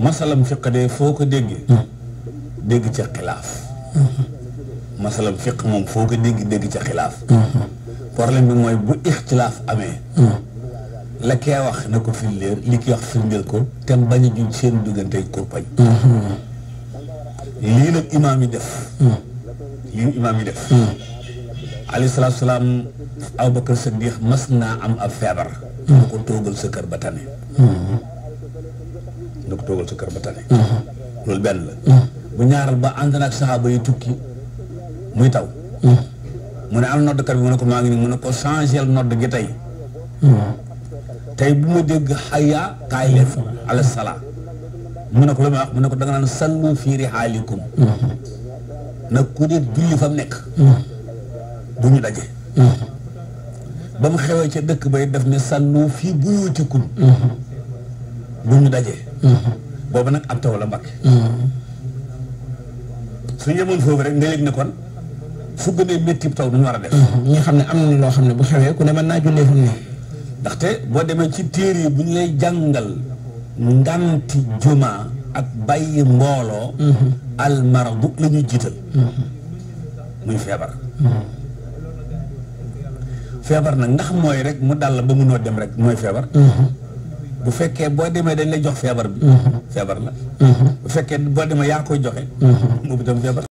masalam fiq de foo ko dégg dégg ca xilaaf masalam fiq moom foo ko dégg dégg ca xilaaf problème bi mooy bu ixtilaaf amee la kee wax na ko firndeel li wax firndeel ko te bañ a seen duggantey kurpañ lii nag imaam yi def lii imaam yi def alayhi mas naa am ab feebar bu ko toogal sa kër ba tane na ko toogal sa kër ba tane loolu benn la bu ñaaral ba ànd na ak tukki muy taw mu ne am noddkat bi mu ne ko maa ngi nii mu ne ko changel nodd gi tey tey bu ma dégg xaya kaay leen ala mu ne ko lu ma mu ne ko da nga naan sallu fii rihaalikum nag ku ne julli fa mu nekk du ñu daje ba mu xewee ca dëkk bay def ne sallu fii buyuutikum bu ñu dajee mm-hmm. boobu nag am taw la Mbàkke su ñëmoon foofu rek nga yëg ne kon fu gën a métti taw du ñu war a def mm-hmm. ñi xam ne am na loo xam ne bu xewee ku ne mën naa jullee fu mu ne ndaxte boo demee ci téer yi bu ñu lay jàngal nganti juma ak bàyyi mbooloo mm-hmm. almaradu la ñuy jiital muy feebar feebar nag ndax mooy rek mu dal ba mënoo dem rek mooy feebar bu fekkee boo demee dañ lay jox feebar bi mm-hmm. feebar la mm-hmm. bu fekkee boo demee yaa koy joxe boobu mm-hmm. itam